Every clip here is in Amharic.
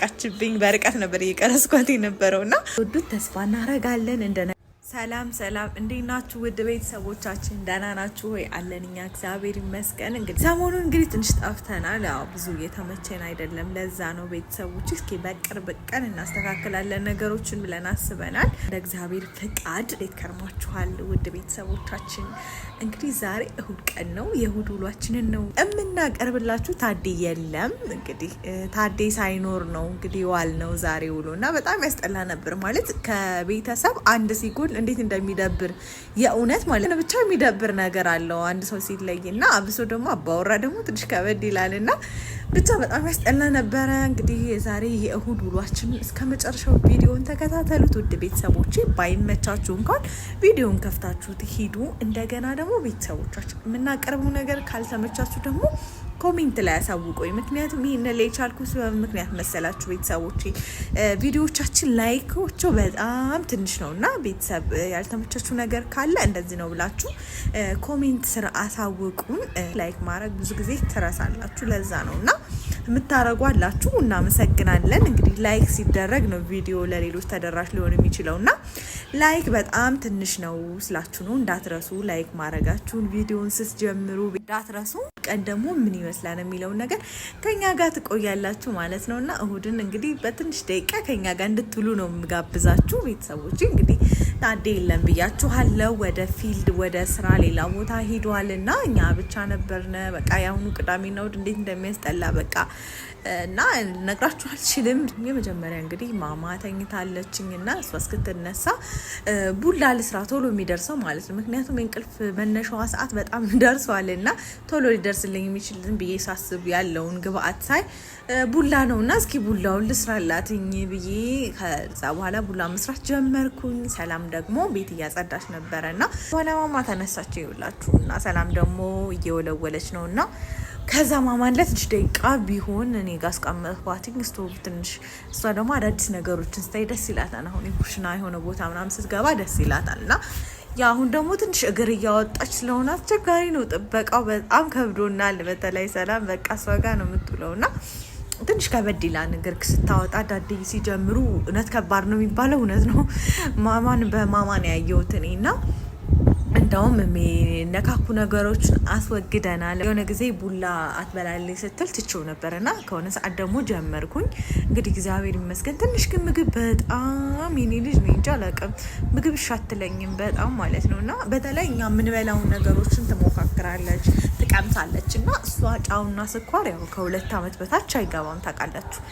ቃችብኝ በርቀት ነበር እየቀረስኳት የነበረው እና ወዱት ተስፋ እናረጋለን እንደ ሰላም ሰላም፣ እንዴት ናችሁ? ውድ ቤተሰቦቻችን ደህና ናችሁ ወይ? አለን እኛ እግዚአብሔር ይመስገን። እንግዲህ ሰሞኑን እንግዲህ ትንሽ ጠፍተናል፣ ያው ብዙ እየተመቸን አይደለም። ለዛ ነው ቤተሰቦች፣ እስኪ በቅርብ ቀን እናስተካክላለን ነገሮችን ብለን አስበናል። እንደ እግዚአብሔር ፍቃድ እንዴት ከርማችኋል? ውድ ቤተሰቦቻችን እንግዲህ ዛሬ እሁድ ቀን ነው። የእሁድ ውሏችንን ነው የምናቀርብላችሁ። ታዴ የለም እንግዲህ ታዴ ሳይኖር ነው እንግዲህ ዋል ነው ዛሬ ውሎ እና በጣም ያስጠላ ነበር ማለት ከቤተሰብ አንድ ሲጎል እንዴት እንደሚደብር የእውነት ማለት ነው። ብቻ የሚደብር ነገር አለው አንድ ሰው ሲለይ እና አብሶ ደግሞ አባወራ ደግሞ ትንሽ ከበድ ይላል እና ብቻ በጣም ያስጠላ ነበረ። እንግዲህ የዛሬ የእሁድ ውሏችን እስከ መጨረሻው ቪዲዮን ተከታተሉት ውድ ቤተሰቦች። ባይመቻችሁ እንኳን ቪዲዮን ከፍታችሁ ሂዱ። እንደገና ደግሞ ቤተሰቦቻችን የምናቀርበው ነገር ካልተመቻችሁ ደግሞ ኮሜንት ላይ ያሳውቁኝ። ምክንያቱም ይህን ላይ የቻልኩት ምክንያት መሰላችሁ ቤተሰቦቼ ቪዲዮዎቻችን ላይኮቸው በጣም ትንሽ ነው እና ቤተሰብ ያልተመቻችሁ ነገር ካለ እንደዚህ ነው ብላችሁ ኮሜንት ስር አሳውቁን። ላይክ ማድረግ ብዙ ጊዜ ትረሳላችሁ፣ ለዛ ነው እና የምታረጉ አላችሁ፣ እናመሰግናለን። እንግዲህ ላይክ ሲደረግ ነው ቪዲዮ ለሌሎች ተደራሽ ሊሆን የሚችለው እና ላይክ በጣም ትንሽ ነው ስላችሁ ነው እንዳትረሱ። ላይክ ማድረጋችሁን ቪዲዮን ስስ ጀምሩ እንዳትረሱ። ቀን ደግሞ ምን ይመስላል የሚለውን ነገር ከኛ ጋር ትቆያላችሁ ማለት ነው እና እሁድን እንግዲህ በትንሽ ደቂቃ ከኛ ጋር እንድትውሉ ነው የምጋብዛችሁ ቤተሰቦች። እንግዲህ ታዴ የለም ብያችኋለው፣ ወደ ፊልድ ወደ ስራ ሌላ ቦታ ሂዷል እና እኛ ብቻ ነበርነ። በቃ የአሁኑ ቅዳሜና እሁድ እንዴት እንደሚያስጠላ በቃ እና ነግራችሁ አልችልም። የመጀመሪያ እንግዲህ ማማ ተኝታለችኝ እና እሷ እስክትነሳ ቡላ ልስራ ቶሎ የሚደርሰው ማለት ነው። ምክንያቱም የእንቅልፍ መነሻዋ ሰዓት በጣም ደርሷል እና ቶሎ ሊደርስልኝ የሚችልን ብዬ ሳስብ ያለውን ግብአት ሳይ ቡላ ነው እና እስኪ ቡላውን ልስራላትኝ ብዬ ከዛ በኋላ ቡላ መስራት ጀመርኩኝ። ሰላም ደግሞ ቤት እያጸዳች ነበረ እና በኋላ ማማ ተነሳቸው ይውላችሁ እና ሰላም ደግሞ እየወለወለች ነው እና ከዛ ማማለት እጅ ደቂቃ ቢሆን እኔ ጋ አስቀመጥኳትኝ ስቶቭ ትንሽ። እሷ ደግሞ አዳዲስ ነገሮችን ስታይ ደስ ይላታል። አሁን ኩሽና የሆነ ቦታ ምናምን ስትገባ ደስ ይላታል። እና ያ አሁን ደግሞ ትንሽ እግር እያወጣች ስለሆነ አስቸጋሪ ነው። ጥበቃው በጣም ከብዶናል። በተለይ ሰላም በቃ እሷ ጋ ነው የምትውለው እና ትንሽ ከበድ ይላል። ነገር ስታወጣ ዳዴ ሲጀምሩ እውነት ከባድ ነው የሚባለው እውነት ነው። ማማን በማማን ያየሁት እኔ እና እንደውም የሚነካኩ ነገሮችን አስወግደናል። የሆነ ጊዜ ቡላ አትበላልኝ ስትል ትችው ነበር እና ከሆነ ሰዓት ደግሞ ጀመርኩኝ። እንግዲህ እግዚአብሔር ይመስገን። ትንሽ ግን ምግብ በጣም የኔ ልጅ ነው እንጂ አላውቅም፣ ምግብ ሻትለኝም በጣም ማለት ነው። እና በተለይ እኛ የምንበላውን ነገሮችን ትሞካክራለች፣ ትቀምሳለች። እና እሷ ጫውና ስኳር ያው ከሁለት ዓመት በታች አይገባም ታውቃላችሁ።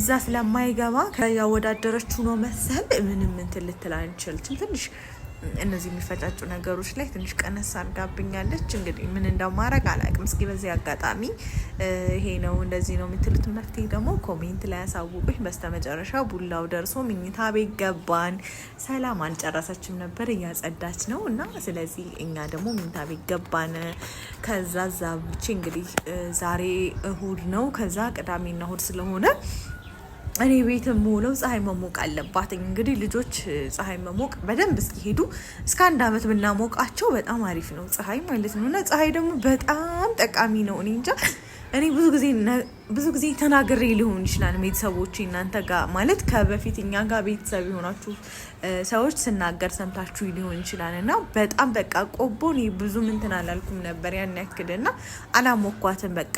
እዛ ስለማይገባ ያወዳደረችው ነው መሰል ምንም እንትን ልትል አንችልችም ትንሽ እነዚህ የሚፈጫጩ ነገሮች ላይ ትንሽ ቀነስ አድርጋብኛለች። እንግዲህ ምን እንደማረግ አላውቅም። እስኪ በዚህ አጋጣሚ ይሄ ነው እንደዚህ ነው የምትሉት መፍትሄ ደግሞ ኮሜንት ላይ ያሳውቁኝ። በስተመጨረሻ ቡላው ደርሶ ምኝታ ቤት ገባን። ሰላም አልጨረሰችም ነበር እያጸዳች ነው እና ስለዚህ እኛ ደግሞ ምኝታ ቤት ገባን። ከዛ ዛብቼ እንግዲህ ዛሬ እሁድ ነው። ከዛ ቅዳሜና እሁድ ስለሆነ እኔ ቤት የምውለው ፀሐይ መሞቅ አለባት። እንግዲህ ልጆች ፀሐይ መሞቅ በደንብ እስኪሄዱ እስከ አንድ ዓመት ብናሞቃቸው በጣም አሪፍ ነው፣ ፀሐይ ማለት ነው። እና ፀሐይ ደግሞ በጣም ጠቃሚ ነው። እኔ እንጃ እኔ ብዙ ጊዜ ብዙ ጊዜ ተናግሬ ሊሆን ይችላል። ቤተሰቦች እናንተ ጋር ማለት ከበፊት እኛ ጋር ቤተሰብ የሆናችሁ ሰዎች ስናገር ሰምታችሁ ሊሆን ይችላል እና በጣም በቃ ቆቦ እኔ ብዙ ምንትን አላልኩም ነበር ያን ያክል እና አላሞኳትን በቃ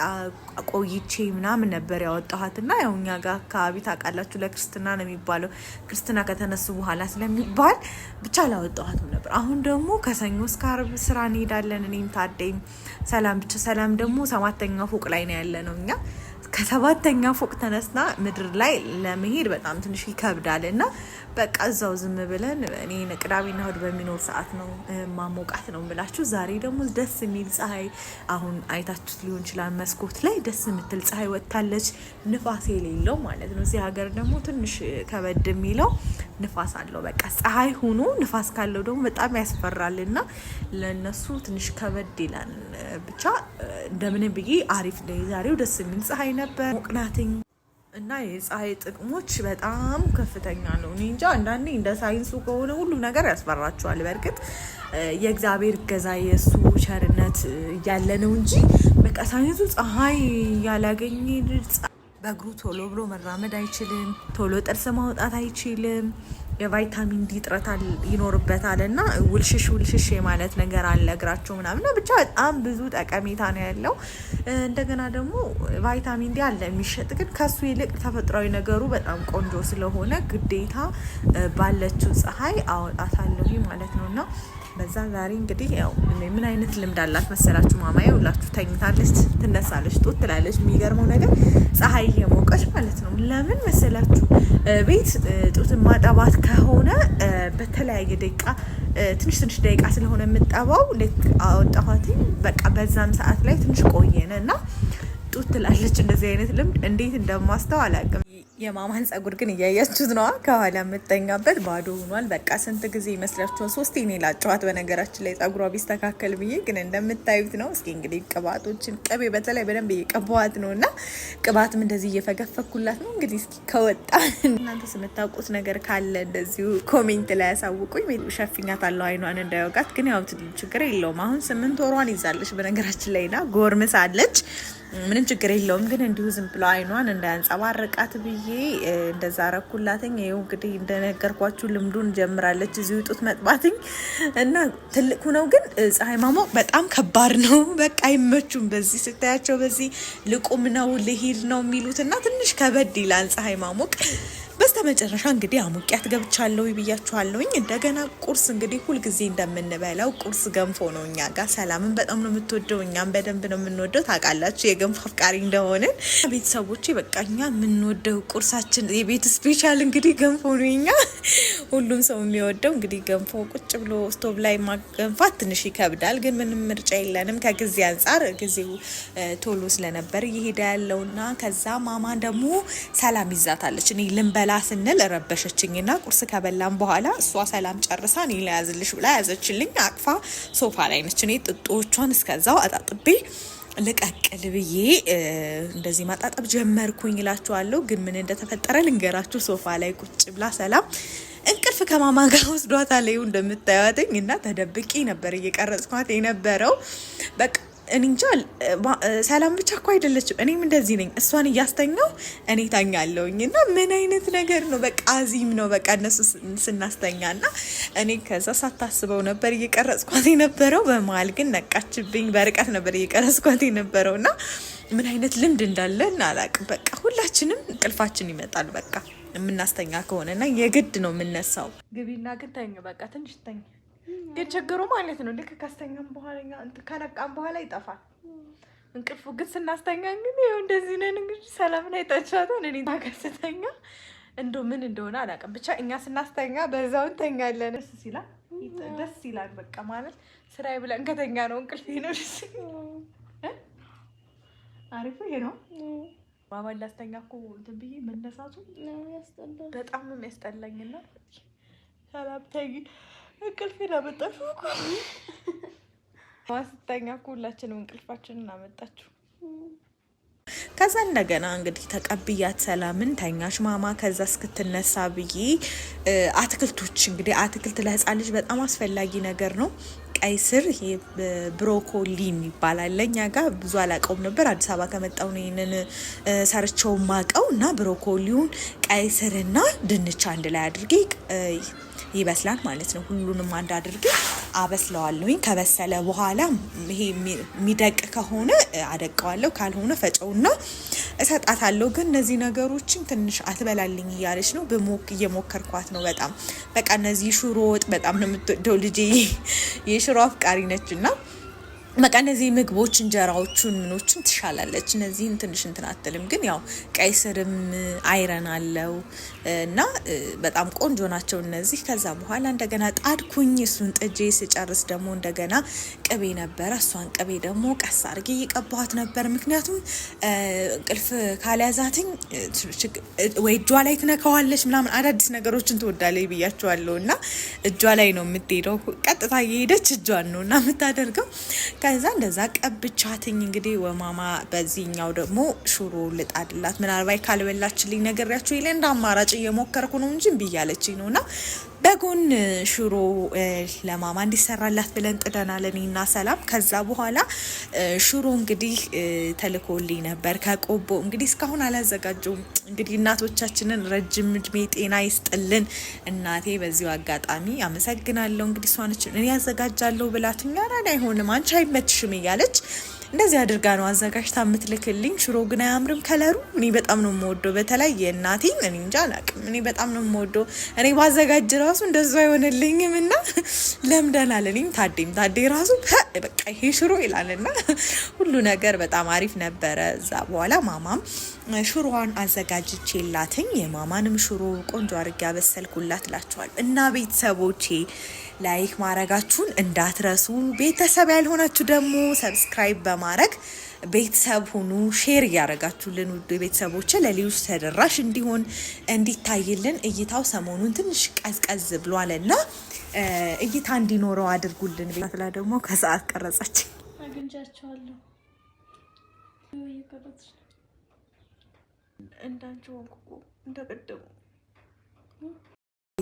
ቆይቼ ምናምን ነበር ያወጣኋት እና ያው እኛ ጋር አካባቢ ታውቃላችሁ ለክርስትና ነው የሚባለው ክርስትና ከተነሱ በኋላ ስለሚባል ብቻ አላወጣኋትም ነበር። አሁን ደግሞ ከሰኞ እስከ ዓርብ ስራ እንሄዳለን። እኔም ታደይም ሰላም ብቻ ሰላም ደግሞ ሰባተኛ ፎቅ ላይ ነው ያለ ነው እኛ ከሰባተኛ ፎቅ ተነስና ምድር ላይ ለመሄድ በጣም ትንሽ ይከብዳል እና በቃ እዛው ዝም ብለን እኔ ቅዳሜና እሑድ በሚኖር ሰዓት ነው ማሞቃት ነው የምላችሁ። ዛሬ ደግሞ ደስ የሚል ፀሐይ አሁን አይታችሁት ሊሆን ይችላል። መስኮት ላይ ደስ የምትል ፀሐይ ወጥታለች። ንፋስ የሌለው ማለት ነው። እዚህ ሀገር ደግሞ ትንሽ ከበድ የሚለው ንፋስ አለው። በቃ ፀሐይ ሆኖ ንፋስ ካለው ደግሞ በጣም ያስፈራል እና ለእነሱ ትንሽ ከበድ ይላል። ብቻ እንደምንም ብዬ አሪፍ ነው የዛሬው። ደስ የሚል ፀሐይ ነበር ሞቅናትኝ እና የፀሐይ ጥቅሞች በጣም ከፍተኛ ነው። እኔ እንጃ አንዳንዴ እንደ ሳይንሱ ከሆነ ሁሉ ነገር ያስፈራቸዋል። በእርግጥ የእግዚአብሔር ገዛ የእሱ ቸርነት እያለ ነው እንጂ በቃ ሳይንሱ ፀሐይ ያላገኘ በእግሩ ቶሎ ብሎ መራመድ አይችልም፣ ቶሎ ጥርስ ማውጣት አይችልም። የቫይታሚን ዲ እጥረት ይኖርበታል እና ውልሽሽ ውልሽሽ የማለት ነገር አለ እግራቸው ምናምን። ብቻ በጣም ብዙ ጠቀሜታ ነው ያለው። እንደገና ደግሞ ቫይታሚን ዲ አለ የሚሸጥ ግን ከሱ ይልቅ ተፈጥሯዊ ነገሩ በጣም ቆንጆ ስለሆነ ግዴታ ባለችው ፀሐይ አወጣታለሁ ማለት ነው እና በዛ ዛሬ እንግዲህ ያው ምን አይነት ልምድ አላት መሰላችሁ? ማማዬ ሁላችሁ ተኝታለች፣ ትነሳለች፣ ጡት ትላለች። የሚገርመው ነገር ፀሐይ እየሞቀች ማለት ነው። ለምን መሰላችሁ? ቤት ጡት ማጠባት ከሆነ በተለያየ ደቂቃ ትንሽ ትንሽ ደቂቃ ስለሆነ የምጠባው ልክ አወጣኋት። በቃ በዛም ሰዓት ላይ ትንሽ ቆየነ እና ጡት ትላለች። እንደዚህ አይነት ልምድ እንዴት እንደማስተው አላውቅም። የማማን ጸጉር ግን እያያችሁት ነዋ። ከኋላ የምጠኛበት ባዶ ሆኗል። በቃ ስንት ጊዜ ይመስላችኋል? ሶስት እኔ ላጨዋት በነገራችን ላይ ጸጉሯ ቢስተካከል ብዬ ግን እንደምታዩት ነው። እስኪ እንግዲህ ቅባቶችን ቅቤ በተለይ በደንብ እየቀባዋት ነው እና ቅባትም እንደዚህ እየፈገፈኩላት ነው። እንግዲህ እስኪ ከወጣ እናንተ ስምታውቁት ነገር ካለ እንደዚሁ ኮሜንት ላይ ያሳውቁኝ። አለው አይኗን እንዳይወጋት። ግን ያው ችግር የለውም አሁን ስምንት ወሯን ይዛለች በነገራችን ላይ ና ጎርምሳለች ምንም ችግር የለውም። ግን እንዲሁ ዝም ብሎ አይኗን እንዳያንጸባረቃት ብዬ እንደዛ ረኩላትኝ። ይኸው እንግዲህ እንደነገርኳችሁ ልምዱን ጀምራለች እዚሁ ጡት መጥባትኝ እና ትልቅ ሁነው ግን ፀሐይ ማሞቅ በጣም ከባድ ነው። በቃ አይመቹም። በዚህ ስታያቸው በዚህ ልቁም ነው ልሂድ ነው የሚሉት እና ትንሽ ከበድ ይላል ፀሐይ ማሞቅ በስተመጨረሻ እንግዲህ አሙቂያት ገብቻለሁ ብያችኋለሁኝ። እንደገና ቁርስ እንግዲህ ሁልጊዜ እንደምንበላው ቁርስ ገንፎ ነው። እኛ ጋር ሰላምን በጣም ነው የምትወደው፣ እኛም በደንብ ነው የምንወደው። ታውቃላችሁ የገንፎ አፍቃሪ እንደሆንን ቤተሰቦች። በቃ እኛ የምንወደው ቁርሳችን የቤት ስፔሻል እንግዲህ ገንፎ ነው። እኛ ሁሉም ሰው የሚወደው እንግዲህ ገንፎ ቁጭ ብሎ ስቶቭ ላይ ማገንፋት ትንሽ ይከብዳል፣ ግን ምንም ምርጫ የለንም ከጊዜ አንጻር። ጊዜው ቶሎ ስለነበር እየሄደ ያለውና ከዛ ማማ ደግሞ ሰላም ይዛታለች እኔ ልንበላ ልንበላ ስንል ረበሸችኝና ቁርስ ከበላም በኋላ እሷ ሰላም ጨርሳ እኔ ለያዝልሽ ብላ ያዘችልኝ። አቅፋ ሶፋ ላይ ነች። እኔ ጥጦቿን እስከዛው አጣጥቤ ልቀቅል ብዬ እንደዚህ ማጣጠብ ጀመርኩኝ እላችኋለሁ። ግን ምን እንደተፈጠረ ልንገራችሁ። ሶፋ ላይ ቁጭ ብላ ሰላም እንቅልፍ ከማማ ጋር ወስዷታል። ይኸው እንደምታዩትኝ እና ተደብቄ ነበር እየቀረጽኳት የነበረው በቃ እኔ እንጃ ሰላም ብቻ እኮ አይደለችም። እኔም እንደዚህ ነኝ። እሷን እያስተኛው እኔ ታኛለውኝ እና ምን አይነት ነገር ነው? በቃ አዚም ነው በቃ እነሱ ስናስተኛ እና እኔ ከዛ ሳታስበው ነበር እየቀረጽኳት የነበረው። በመሀል ግን ነቃችብኝ። በርቀት ነበር እየቀረጽኳት የነበረው እና ምን አይነት ልምድ እንዳለ አላቅም። በቃ ሁላችንም እንቅልፋችን ይመጣል በቃ የምናስተኛ ከሆነ እና የግድ ነው የምነሳው። ግቢና ግን ተኝ በቃ ትንሽ ተኝ ግን ችግሩ ማለት ነው ልክ ካስተኛም በኋላ ከነቃም በኋላ ይጠፋል እንቅልፉ። ግን ስናስተኛ ግን ይኸው እንደዚህ ነን። እንግዲህ ሰላም ላይ አይጣችኋታል። እኔ ስተኛ እንዶ ምን እንደሆነ አላውቅም። ብቻ እኛ ስናስተኛ በዛው እንተኛለን። ደስ ይላል፣ ደስ ይላል። በቃ ማለት ስራዬ ብለን ከተኛ ነው እንቅልፍ ነው። አሪፉ ይሄ ነው። ባባል ላስተኛ እኮ እንትን ብዬ መነሳቱ በጣም ነው የሚያስጠላኝና ሰላም ተኝ እንቅልፌን አመጣችሁ እኮ ስተኛ እኮ ሁላችንም እንቅልፋችንን አመጣችሁ። ከዛ እንደገና እንግዲህ ተቀብያት ሰላምን ተኛሽ ማማ። ከዛ እስክትነሳ ብዬ አትክልቶች እንግዲህ አትክልት ለህፃን ልጅ በጣም አስፈላጊ ነገር ነው። ቀይ ስር ይሄ ብሮኮሊ ይባላል። ለእኛ ጋር ብዙ አላውቀውም ነበር። አዲስ አበባ ከመጣሁ ነው ይህንን ሰርቼው ማቀው እና ብሮኮሊውን ቀይ ስርና ድንች አንድ ላይ አድርጌ ይበስላል ማለት ነው። ሁሉንም አንድ አድርጌ አበስለዋለሁኝ። ከበሰለ በኋላ ይሄ የሚደቅ ከሆነ አደቀዋለሁ፣ ካልሆነ ፈጨውና እሰጣታለሁ። ግን እነዚህ ነገሮችን ትንሽ አትበላልኝ እያለች ነው። እየሞከርኳት ነው በጣም በቃ እነዚህ ሽሮ ወጥ በጣም ነው የምትወደው ልጄ፣ የሽሮ አፍቃሪ ነች እና በቃ እነዚህ ምግቦች እንጀራዎቹን ምኖችን ትሻላለች። እነዚህን ትንሽ እንትን አትልም፣ ግን ያው ቀይ ስርም አይረን አለው እና በጣም ቆንጆ ናቸው እነዚህ። ከዛ በኋላ እንደገና ጣድኩኝ። እሱን ጥጄ ስጨርስ ደግሞ እንደገና ቅቤ ነበረ። እሷን ቅቤ ደግሞ ቀስ አድርጌ እየቀባኋት ነበር፣ ምክንያቱም እንቅልፍ ካልያዛትኝ ወይ እጇ ላይ ትነካዋለች ምናምን። አዳዲስ ነገሮችን ትወዳለች ብያቸዋለሁ እና እጇ ላይ ነው የምትሄደው፣ ቀጥታ እየሄደች እጇን ነው እና የምታደርገው ከዛ እንደዛ ቀብቻትኝ እንግዲህ ወማማ በዚህኛው ደግሞ ሹሮ ልጣድላት ምናልባት ካልበላችልኝ ነገሪያችሁ ይለ እንደ አማራጭ እየሞከርኩ ነው እንጂ ብያለችኝ ነው እና በጎን ሽሮ ለማማ እንዲሰራላት ብለን ጥደናል፣ እኔና ሰላም። ከዛ በኋላ ሽሮ እንግዲህ ተልኮልኝ ነበር ከቆቦ። እንግዲህ እስካሁን አላዘጋጀውም። እንግዲህ እናቶቻችንን ረጅም እድሜ ጤና ይስጥልን። እናቴ በዚሁ አጋጣሚ አመሰግናለሁ። እንግዲህ እሷነችን እኔ ያዘጋጃለሁ ብላትኛል። አይሆንም አንቺ አይመችሽም እያለች እንደዚህ አድርጋ ነው አዘጋጅታ የምትልክልኝ። ሽሮ ግን አያምርም ከለሩ። እኔ በጣም ነው የምወደው፣ በተለይ የእናቴ እኔ እንጃ አላቅም። እኔ በጣም ነው የምወደው። እኔ ባዘጋጅ ራሱ እንደዛ አይሆንልኝም እና ለምደናል። እኔም ታዴም ታዴ ራሱ በቃ ይሄ ሽሮ ይላልና ሁሉ ነገር በጣም አሪፍ ነበረ። እዛ በኋላ ማማም ሽሮዋን አዘጋጅቼ ላትኝ የማማንም ሽሮ ቆንጆ አድርጌ ያበሰልኩላት ላቸዋል እና ቤተሰቦቼ ላይክ ማድረጋችሁን እንዳትረሱ። ቤተሰብ ያልሆናችሁ ደግሞ ሰብስክራይብ በማ በማድረግ ቤተሰብ ሁኑ። ሼር እያደረጋችሁልን ውድ ቤተሰቦች ለሌሎች ተደራሽ እንዲሆን እንዲታይልን፣ እይታው ሰሞኑን ትንሽ ቀዝቀዝ ብሏል እና እይታ እንዲኖረው አድርጉልን። ላ ደግሞ ከሰዓት ቀረጸች አግኝቻቸዋለሁ እንዳንቺ ወንኩ እንደቀደሙ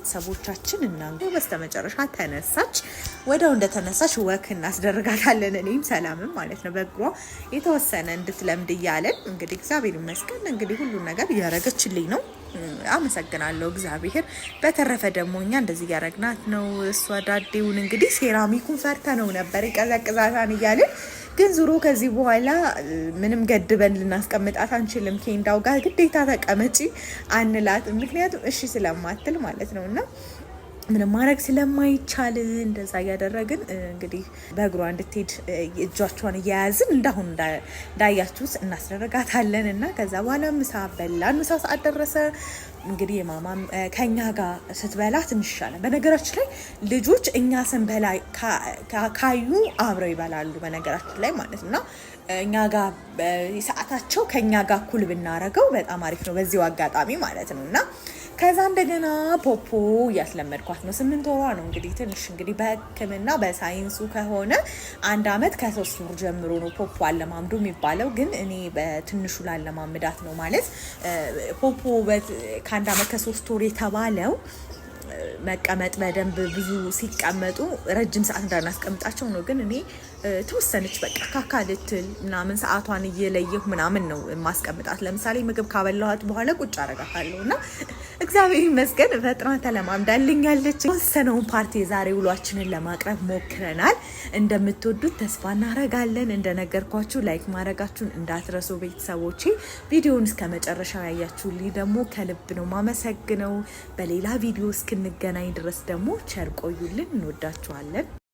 ቤተሰቦቻችን እና በስተመጨረሻ ተነሳች። ወዲያው እንደተነሳች ወክ እናስደርጋታለን። እኔም ሰላምም ማለት ነው በእግሯ የተወሰነ እንድትለምድ እያለን እንግዲህ እግዚአብሔር ይመስገን እንግዲህ ሁሉን ነገር እያረገችልኝ ነው። አመሰግናለሁ እግዚአብሔር። በተረፈ ደግሞ እኛ እንደዚህ እያረግናት ነው። እሷ ዳዴውን እንግዲህ ሴራሚኩን ፈርተ ነው ነበር ይቀዘቅዛታን እያለን ግን ዙሮ ከዚህ በኋላ ምንም ገድበን ልናስቀምጣት አንችልም። ኬንዳው ጋር ግዴታ ተቀመጪ አንላት ምክንያቱም እሺ ስለማትል ማለት ነው እና ምንም ማድረግ ስለማይቻል እንደዛ እያደረግን እንግዲህ በእግሯ እንድትሄድ እጇቸውን እየያዝን እንዳሁን እንዳያችሁት እናስደረጋታለን እና ከዛ በኋላ ምሳ በላን። ምሳ ሰዓት ደረሰ። እንግዲህ የማማ ከእኛ ጋር ስትበላ ትንሽ በነገራችን ላይ ልጆች እኛ ስንበላ ካዩ አብረው ይበላሉ። በነገራችን ላይ ማለት ነው እኛ ጋር ሰዓታቸው ከእኛ ጋር እኩል ብናረገው በጣም አሪፍ ነው። በዚሁ አጋጣሚ ማለት ነው እና ከዛ እንደገና ፖፖ እያስለመድኳት ነው። ስምንት ወሯ ነው እንግዲህ ትንሽ እንግዲህ በሕክምና በሳይንሱ ከሆነ አንድ አመት ከሶስት ወር ጀምሮ ነው ፖፖ አለማምዱ የሚባለው። ግን እኔ በትንሹ ላለማምዳት ነው ማለት ፖፖ ከአንድ ዓመት ከሶስት ወር የተባለው መቀመጥ በደንብ ብዙ ሲቀመጡ ረጅም ሰዓት እንዳናስቀምጣቸው ነው። ግን እኔ ተወሰነች በቃ ካካ ልትል ምናምን ሰዓቷን እየለየሁ ምናምን ነው ማስቀምጣት። ለምሳሌ ምግብ ካበላኋት በኋላ ቁጭ አረጋታለሁ እና እግዚአብሔር ይመስገን ፈጥና ተለማምዳልኛለች። ወሰነውን ፓርቲ የዛሬ ውሏችንን ለማቅረብ ሞክረናል። እንደምትወዱት ተስፋ እናረጋለን። እንደነገርኳችሁ ላይክ ማድረጋችሁን እንዳትረሱ ቤተሰቦቼ። ቪዲዮውን እስከ መጨረሻ ያያችሁልኝ ደግሞ ከልብ ነው ማመሰግነው። በሌላ ቪዲዮ እስክንገናኝ ድረስ ደግሞ ቸር ቆዩልን። እንወዳችኋለን።